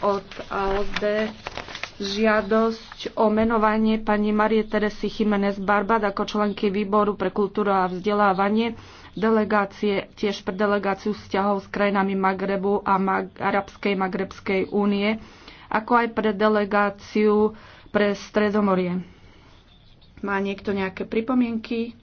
od ALDE žiadosť o menovanie pani Marie Teresy Jiménez Barbad ako členky výboru pre kultúru a vzdelávanie delegácie, tiež pre delegáciu vzťahov s krajinami Magrebu a Mag- Arabskej Magrebskej únie, ako aj pre delegáciu pre Stredomorie. Má niekto nejaké pripomienky?